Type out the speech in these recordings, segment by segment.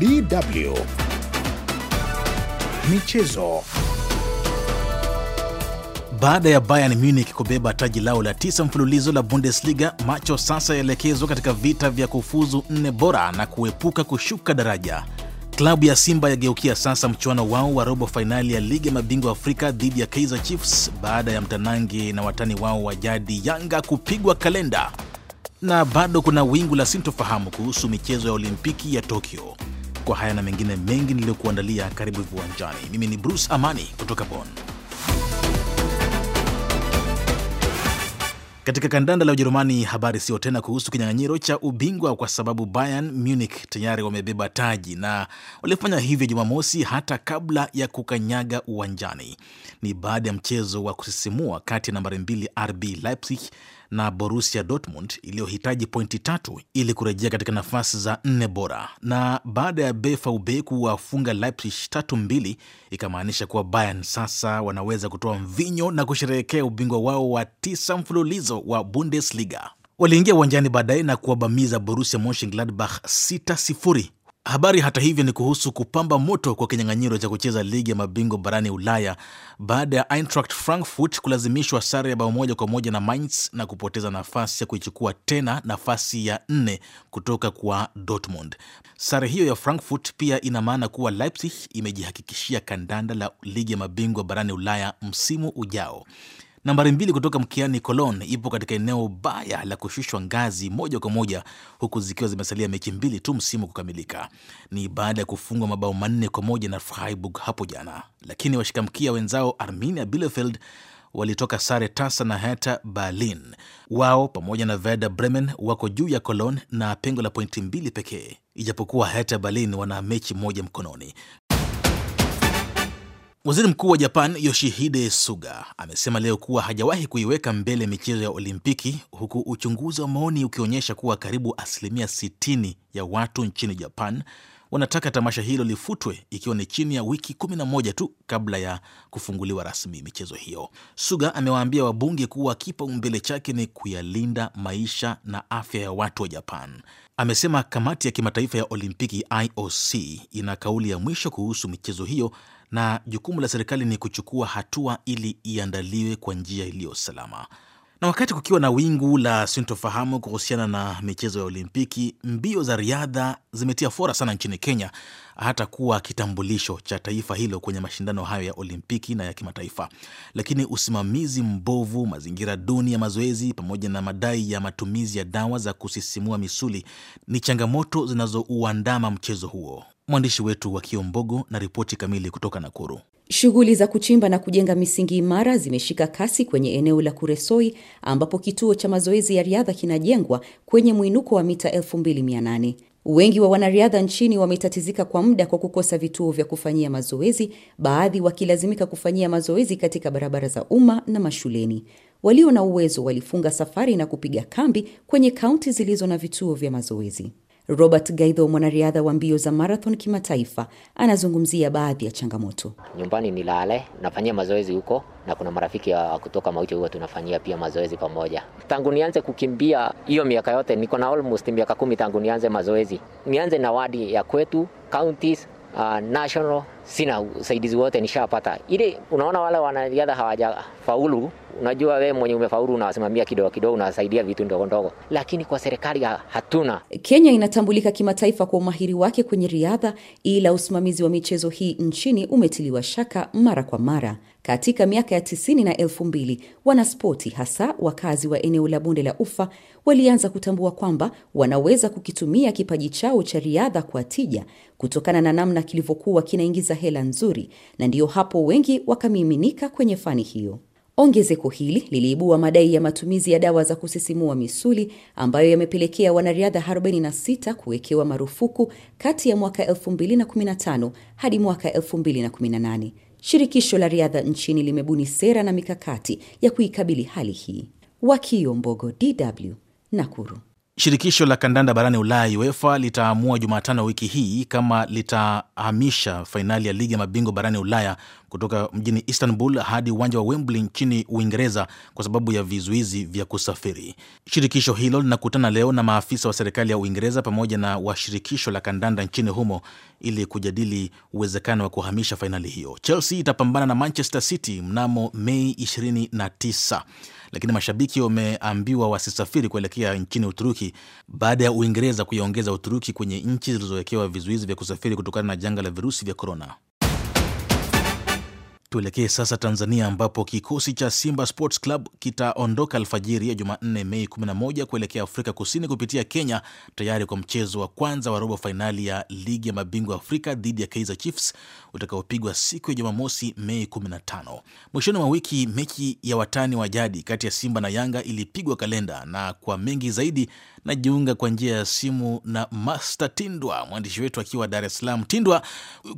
DW Michezo. Baada ya Bayern Munich kubeba taji lao la tisa mfululizo la Bundesliga, macho sasa yaelekezwa katika vita vya kufuzu nne bora na kuepuka kushuka daraja. Klabu ya Simba yageukia sasa mchuano wao wa robo fainali ya ligi ya mabingwa Afrika dhidi ya Kaizer Chiefs baada ya mtanange na watani wao wa jadi Yanga kupigwa kalenda. Na bado kuna wingu la sintofahamu kuhusu michezo ya Olimpiki ya Tokyo. Kwa haya na mengine mengi niliyokuandalia, karibu viwanjani. Mimi ni Bruce Amani kutoka bon Katika kandanda la Ujerumani, habari sio tena kuhusu kinyang'anyiro cha ubingwa kwa sababu Bayern Munich tayari wamebeba taji na walifanya hivyo Jumamosi hata kabla ya kukanyaga uwanjani. Ni baada ya mchezo wa kusisimua kati ya nambari mbili RB Leipzig na Borussia Dortmund iliyohitaji pointi tatu ili kurejea katika nafasi za nne bora, na baada ya BVB kuwafunga Leipzig tatu mbili ikamaanisha kuwa Bayern sasa wanaweza kutoa mvinyo na kusherehekea ubingwa wao wa tisa mfululizo wa Bundesliga. Waliingia uwanjani baadaye na kuwabamiza Borussia Mönchengladbach 6 sifuri Habari hata hivyo ni kuhusu kupamba moto kwa kinyang'anyiro cha kucheza ligi ya mabingwa barani Ulaya baada ya Eintracht Frankfurt kulazimishwa sare ya bao moja kwa moja na Mainz na kupoteza nafasi ya kuichukua tena nafasi ya nne kutoka kwa Dortmund. Sare hiyo ya Frankfurt pia ina maana kuwa Leipzig imejihakikishia kandanda la ligi ya mabingwa barani Ulaya msimu ujao. Nambari mbili kutoka mkiani colon ipo katika eneo baya la kushushwa ngazi moja kwa moja, huku zikiwa zimesalia mechi mbili tu msimu kukamilika. Ni baada ya kufungwa mabao manne kwa moja na Freiburg hapo jana, lakini washikamkia wenzao Arminia Bielefeld walitoka sare tasa na Hertha Berlin. Wao pamoja na Werder Bremen wako juu ya Cologne na pengo la pointi mbili pekee, ijapokuwa Hertha Berlin wana mechi moja mkononi. Waziri Mkuu wa Japan Yoshihide Suga amesema leo kuwa hajawahi kuiweka mbele michezo ya Olimpiki, huku uchunguzi wa maoni ukionyesha kuwa karibu asilimia 60 ya watu nchini Japan wanataka tamasha hilo lifutwe ikiwa ni chini ya wiki 11 tu kabla ya kufunguliwa rasmi michezo hiyo. Suga amewaambia wabunge kuwa kipaumbele chake ni kuyalinda maisha na afya ya watu wa Japan. Amesema kamati ya kimataifa ya Olimpiki IOC ina kauli ya mwisho kuhusu michezo hiyo na jukumu la serikali ni kuchukua hatua ili iandaliwe kwa njia iliyo salama. Na wakati kukiwa na wingu la sintofahamu kuhusiana na michezo ya Olimpiki, mbio za riadha zimetia fora sana nchini Kenya, hata kuwa kitambulisho cha taifa hilo kwenye mashindano hayo ya Olimpiki na ya kimataifa. Lakini usimamizi mbovu, mazingira duni ya mazoezi, pamoja na madai ya matumizi ya dawa za kusisimua misuli ni changamoto zinazouandama mchezo huo mwandishi wetu wa Kiombogo na ripoti kamili kutoka Nakuru. Shughuli za kuchimba na kujenga misingi imara zimeshika kasi kwenye eneo la Kuresoi ambapo kituo cha mazoezi ya riadha kinajengwa kwenye mwinuko wa mita 2800. Wengi wa wanariadha nchini wametatizika kwa muda kwa kukosa vituo vya kufanyia mazoezi, baadhi wakilazimika kufanyia mazoezi katika barabara za umma na mashuleni. Walio na uwezo walifunga safari na kupiga kambi kwenye kaunti zilizo na vituo vya mazoezi. Robert Gaidho, mwanariadha wa mbio za marathon kimataifa, anazungumzia baadhi ya changamoto. Nyumbani ni lale, nafanyia mazoezi huko na kuna marafiki wa kutoka Mauti huo tunafanyia pia mazoezi pamoja. Tangu nianze kukimbia hiyo miaka yote, niko na almost miaka kumi tangu nianze mazoezi. Nianze na wadi ya kwetu, counties, uh, national, sina usaidizi wote nishapata. Ile unaona wale wanariadha hawajafaulu Unajua wewe mwenye umefaulu unawasimamia kidogo kidogo, unawasaidia vitu ndogo ndogo, lakini kwa serikali hatuna. Kenya inatambulika kimataifa kwa umahiri wake kwenye riadha, ila usimamizi wa michezo hii nchini umetiliwa shaka mara kwa mara. Katika miaka ya tisini na elfu mbili wanaspoti hasa wakazi wa eneo la bonde la Ufa walianza kutambua kwamba wanaweza kukitumia kipaji chao cha riadha kwa tija kutokana na namna kilivyokuwa kinaingiza hela nzuri, na ndiyo hapo wengi wakamiminika kwenye fani hiyo. Ongezeko hili liliibua madai ya matumizi ya dawa za kusisimua misuli ambayo yamepelekea wanariadha 46 kuwekewa marufuku kati ya mwaka 2015 hadi mwaka 2018. Shirikisho la riadha nchini limebuni sera na mikakati ya kuikabili hali hii. Wakio Mbogo, DW, Nakuru. Shirikisho la kandanda barani Ulaya UEFA litaamua Jumatano wiki hii kama litahamisha fainali ya ligi ya mabingwa barani Ulaya kutoka mjini Istanbul hadi uwanja wa Wembley nchini Uingereza kwa sababu ya vizuizi vya kusafiri. Shirikisho hilo linakutana leo na maafisa wa serikali ya Uingereza pamoja na washirikisho la kandanda nchini humo ili kujadili uwezekano wa kuhamisha fainali hiyo. Chelsea itapambana na Manchester City mnamo Mei 29, lakini mashabiki wameambiwa wasisafiri kuelekea nchini Uturuki baada ya Uingereza kuiongeza Uturuki kwenye nchi zilizowekewa vizuizi vya kusafiri kutokana na janga la virusi vya korona. Tuelekee sasa Tanzania ambapo kikosi cha Simba Sports Club kitaondoka alfajiri ya Jumanne Mei 11 kuelekea Afrika Kusini kupitia Kenya tayari kwa mchezo wa kwanza wa robo fainali ya Ligi ya Mabingwa Afrika dhidi ya Kaizer Chiefs utakaopigwa siku ya Jumamosi Mei 15. Mwishoni mwa wiki mechi ya watani wa jadi kati ya Simba na Yanga ilipigwa kalenda, na kwa mengi zaidi najiunga kwa njia ya simu na Master Tindwa, mwandishi wetu akiwa Dar es Salaam. Tindwa,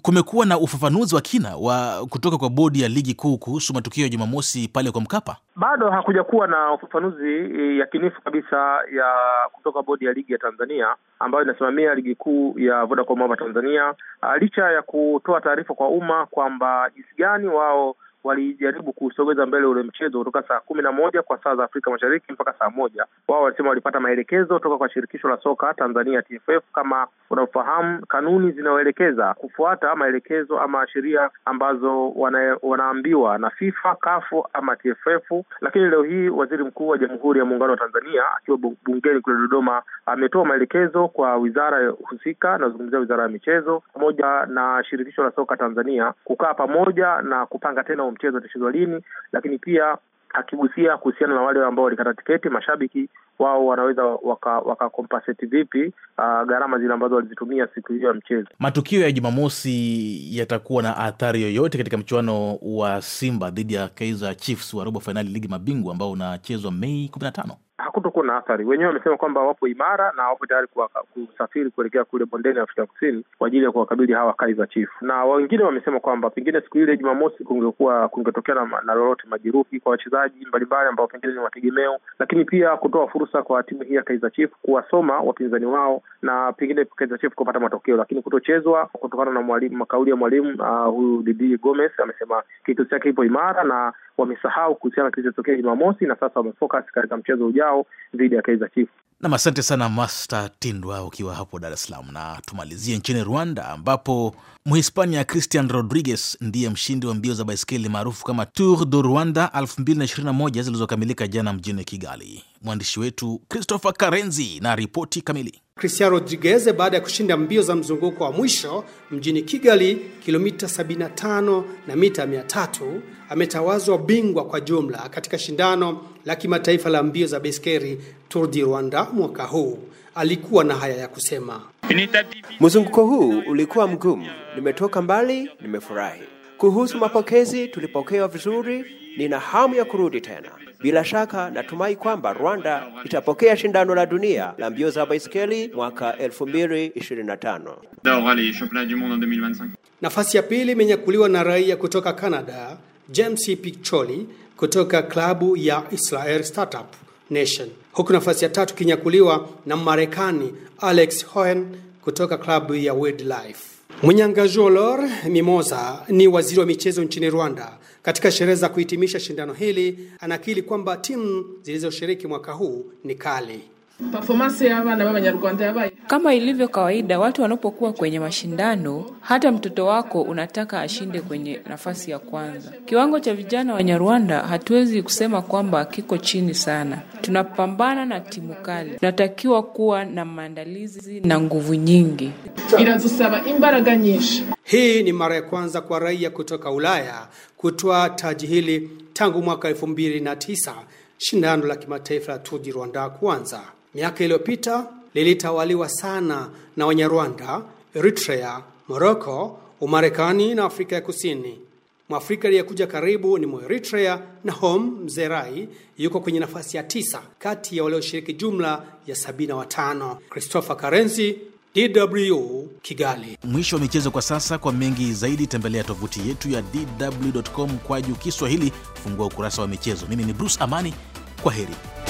kumekuwa na ufafanuzi wa kina wa kutoka kwa bodi ya ligi kuu kuhusu matukio ya Jumamosi pale kwa Mkapa? Bado hakuja kuwa na ufafanuzi e, yakinifu kabisa ya kutoka bodi ya ligi ya Tanzania ambayo inasimamia ligi kuu ya Vodacom hapa Tanzania, licha ya kutoa taarifa kwa umma kwamba jinsi gani wao walijaribu kusogeza mbele ule mchezo kutoka saa kumi na moja kwa saa za Afrika Mashariki mpaka saa moja. Wao walisema walipata maelekezo toka kwa shirikisho la soka Tanzania TFF. Kama unavyofahamu, kanuni zinaoelekeza kufuata maelekezo ama sheria ambazo wana, wanaambiwa na FIFA, kafu ama TFF. Lakini leo hii waziri mkuu wa Jamhuri ya Muungano wa Tanzania akiwa bungeni kule Dodoma ametoa maelekezo kwa wizara husika, nazungumzia wizara ya michezo pamoja na shirikisho la soka Tanzania kukaa pamoja na kupanga tena mchezo utachezwa lini, lakini pia akigusia kuhusiana na wale ambao walikata tiketi, mashabiki wao wanaweza wakakompaseti waka vipi uh, gharama zile ambazo walizitumia siku hiyo ya mchezo. Matukio ya Jumamosi yatakuwa na athari yoyote katika mchuano wa Simba dhidi ya Kaizer Chiefs wa robo fainali ligi mabingwa ambao unachezwa Mei kumi na tano? hakutokuwa na athari. Wenyewe wamesema kwamba wapo imara na wapo tayari kusafiri kuelekea kule bondeni ya Afrika Kusini kwa ajili ya kuwakabili hawa Kaizer Chiefs, na wengine wamesema kwamba pengine siku ile Jumamosi kungekuwa kungetokea na, na lolote majeruhi kwa wachezaji mbalimbali ambao pengine ni wategemeo, lakini pia kutoa fursa kwa timu hii ya Kaizer Chiefs kuwasoma wapinzani wao na pengine Kaizer Chiefs kupata matokeo, lakini kutochezwa kutokana na mwalimu makauli ya mwalimu uh, huyu Didi Gomes amesema kikosi chake ipo imara na wamesahau kuhusiana kilichotokea Jumamosi na sasa wamefocus katika mchezo ujao yao dhidi ya Kaizer Chiefs. Nam, asante sana Master Tindwa ukiwa hapo Dar es Salaam, na tumalizie nchini Rwanda ambapo Mhispania Christian Rodriguez ndiye mshindi wa mbio za baiskeli maarufu kama Tour du Rwanda 2021 zilizokamilika jana mjini Kigali. Mwandishi wetu Christopher Karenzi na ripoti kamili. Christian Rodriguez baada ya kushinda mbio za mzunguko wa mwisho mjini Kigali, kilomita 75 na mita 300, ametawazwa bingwa kwa jumla katika shindano la kimataifa la mbio za baiskeli Tour du Rwanda mwaka huu. Alikuwa na haya ya kusema. Mzunguko huu ulikuwa mgumu, nimetoka mbali, nimefurahi. Kuhusu mapokezi, tulipokewa vizuri, nina hamu ya kurudi tena. Bila shaka natumai kwamba Rwanda itapokea shindano la dunia la mbio za baisikeli mwaka 2025. Nafasi ya pili imenyakuliwa na raia kutoka Canada, James Picholi kutoka klabu ya Israel Startup Nation huku nafasi ya tatu kinyakuliwa na Marekani Alex Hoen kutoka klabu ya Wildlife. Munyangajuolor Mimosa ni waziri wa michezo nchini Rwanda. Katika sherehe za kuhitimisha shindano hili, anakili kwamba timu zilizoshiriki mwaka huu ni kali. Performance Kama ilivyo kawaida, watu wanapokuwa kwenye mashindano, hata mtoto wako unataka ashinde kwenye nafasi ya kwanza. Kiwango cha vijana Wanyarwanda hatuwezi kusema kwamba kiko chini sana. Tunapambana na timu kali, tunatakiwa kuwa na maandalizi na nguvu nyingi. Inazusaba Hii ni mara ya kwanza kwa raia kutoka Ulaya kutoa taji hili tangu mwaka elfu mbili na tisa shindano la kimataifa la Tour du Rwanda kuanza miaka iliyopita lilitawaliwa sana na Wanyarwanda, Eritrea, Moroko, Umarekani na Afrika ya Kusini. Mwafrika aliyekuja karibu ni Mweritrea home Mzerai, yuko kwenye nafasi ya tisa kati ya walioshiriki jumla ya watano. Christopher Karenzi, DW Kigali. Mwisho wa michezo kwa sasa. Kwa mengi zaidi tembelea tovuti yetu ya dw.com kwa juu Kiswahili, fungua ukurasa wa michezo. Mimi ni Bruce Amani, kwa heri.